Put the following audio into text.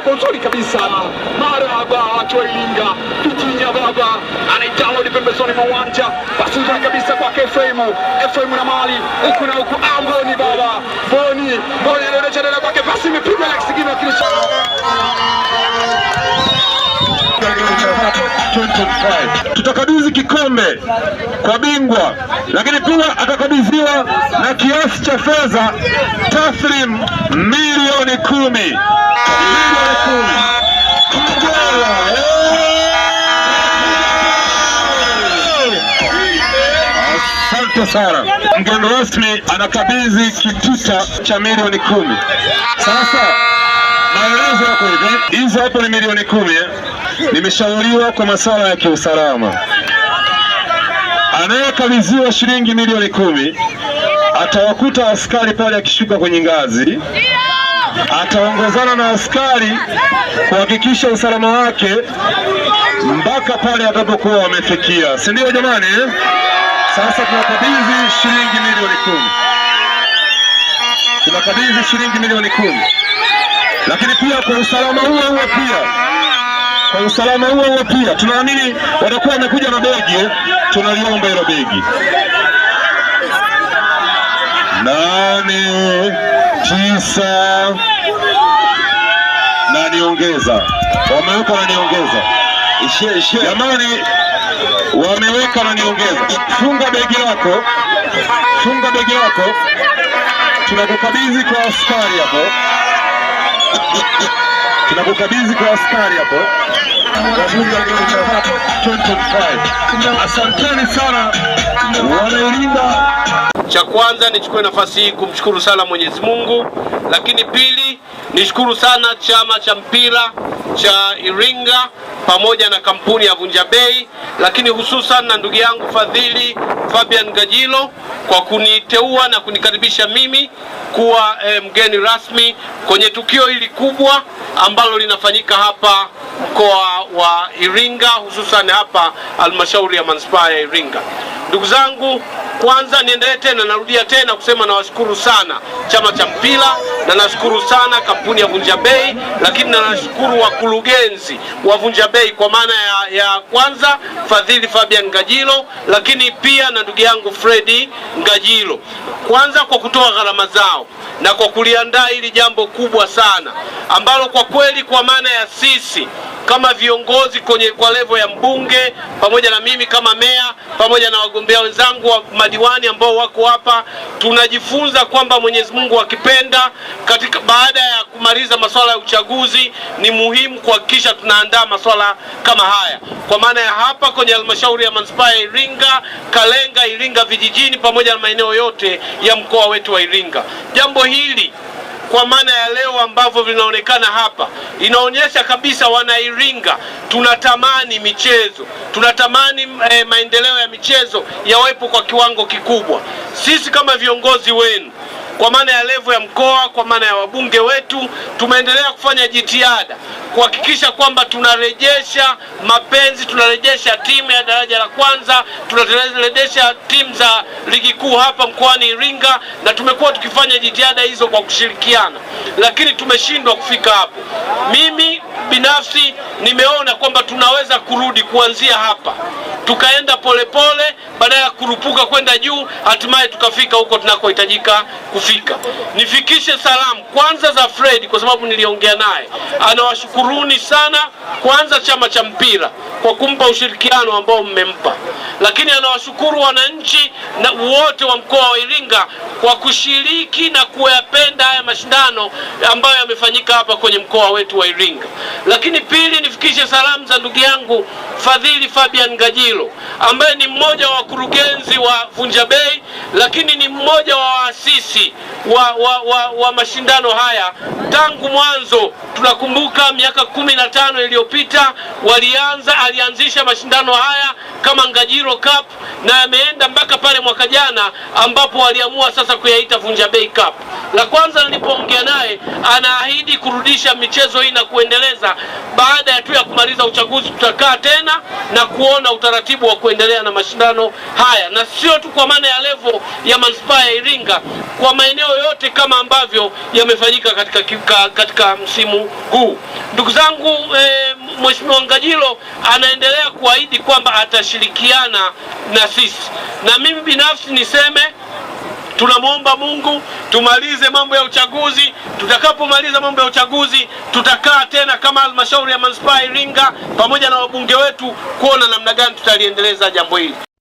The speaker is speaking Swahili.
kwa uzuri kabisa, maraba akiwa Iringa, e Fitinya baba anaidownload pembezoni mwa uwanja, pasi nzuri kabisa kwake Efraimu, Efraimu na mali huku na huku, amboni baba boni boni, anaonesha dada kwake, pasi imepigwa Alex Gino kilisha tutakabidhi kikombe kwa bingwa, lakini pia atakabidhiwa na kiasi cha fedha taslim milioni kumi. Asante sana. Mgeni rasmi anakabidhi kitita cha milioni kumi. Sasa maelezo yako hivi, hizo hapo ni milioni kumi eh? nimeshauriwa kwa masuala ya kiusalama. Anayekabidhiwa shilingi milioni kumi atawakuta askari pale akishuka kwenye ngazi, ataongozana na askari kuhakikisha usalama wake mpaka pale atakapokuwa wamefikia, si ndio jamani? Eh? Sasa tunakabidhi shilingi milioni kumi, tunakabidhi shilingi milioni kumi, lakini pia kwa usalama huo huo pia kwa usalama huo huo pia tunaamini watakuwa wamekuja na begi, eh? tunaliomba hilo begi. Nane tisa naniongeza wameweka naniongeza jamani, wameweka naniongeza. Funga begi lako, funga begi lako, tunakukabidhi kwa askari hapo tunakukabidhi kwa askari hapo cha asanteni sana wanairinda. Cha kwanza nichukue nafasi hii kumshukuru sana Mwenyezi Mungu, lakini pili nishukuru sana chama cha mpira cha Iringa pamoja na kampuni ya Vunja Bei, lakini hususan na ndugu yangu fadhili Fabian Gajilo kwa kuniteua na kunikaribisha mimi kuwa eh, mgeni rasmi kwenye tukio hili kubwa ambalo linafanyika hapa mkoa wa Iringa, hususan hapa halmashauri ya manispaa ya Iringa. Ndugu zangu, kwanza niendelee tena, narudia tena kusema nawashukuru sana chama cha mpira na nashukuru sana kampuni ya Vunja Bei, lakini na nashukuru wakurugenzi wa Vunja Bei kwa maana ya, ya kwanza Fadhili Fabian Ngajilo, lakini pia na ndugu yangu Fredi Ngajilo, kwanza kwa kutoa gharama zao na kwa kuliandaa hili jambo kubwa sana ambalo kwa kweli kwa maana ya sisi kama viongozi kwenye kwa levo ya mbunge pamoja na mimi kama meya pamoja na wagombea wenzangu wa madiwani ambao wako hapa, tunajifunza kwamba Mwenyezi Mungu akipenda, katika baada ya kumaliza masuala ya uchaguzi, ni muhimu kuhakikisha tunaandaa masuala kama haya, kwa maana ya hapa kwenye halmashauri ya manispaa ya Iringa, Kalenga, Iringa vijijini pamoja na maeneo yote ya mkoa wetu wa Iringa. Jambo hili kwa maana ya leo ambavyo vinaonekana hapa, inaonyesha kabisa Wanairinga tunatamani michezo, tunatamani eh, maendeleo ya michezo yawepo kwa kiwango kikubwa. Sisi kama viongozi wenu kwa maana ya levo ya mkoa, kwa maana ya wabunge wetu, tumeendelea kufanya jitihada kuhakikisha kwamba tunarejesha mapenzi, tunarejesha timu ya daraja la kwanza, tunarejesha timu za ligi kuu hapa mkoani Iringa, na tumekuwa tukifanya jitihada hizo kwa kushirikiana, lakini tumeshindwa kufika hapo. Mimi binafsi nimeona kwamba tunaweza kurudi kuanzia hapa tukaenda polepole, baada ya kurupuka kwenda juu, hatimaye tukafika huko tunakohitajika kufika. Nifikishe salamu kwanza za Fred, kwa sababu niliongea naye, anawashukuruni sana, kwanza chama cha mpira kwa kumpa ushirikiano ambao mmempa, lakini anawashukuru wananchi na wote wa mkoa wa Iringa kwa kushiriki na kuyapenda haya mashindano ambayo yamefanyika hapa kwenye mkoa wetu wa Iringa. Lakini pili, nifikishe salamu za ndugu yangu Fadhili Fabian Gajilo ambaye ni mmoja wa wakurugenzi wa Vunja Bei, lakini ni mmoja wa waasisi wa, wa, wa, wa mashindano haya tangu mwanzo. Tunakumbuka miaka kumi na tano iliyopita walianza, alianzisha mashindano haya kama Ngajiro Cup na yameenda mpaka pale mwaka jana ambapo waliamua sasa kuyaita Vunja Bei Cup. La kwanza nilipo naye anaahidi kurudisha michezo hii na kuendeleza. Baada ya tu ya kumaliza uchaguzi, tutakaa tena na kuona utaratibu wa kuendelea na mashindano haya, na sio tu kwa maana ya levo ya manispaa ya Iringa, kwa maeneo yote kama ambavyo yamefanyika katika, katika msimu huu. Ndugu zangu, e, Mheshimiwa Ngajilo anaendelea kuahidi kwamba atashirikiana na sisi, na mimi binafsi niseme tunamwomba Mungu tumalize mambo ya uchaguzi. Tutakapomaliza mambo ya uchaguzi, tutakaa tena kama halmashauri ya manispaa Iringa pamoja na wabunge wetu kuona namna gani tutaliendeleza jambo hili.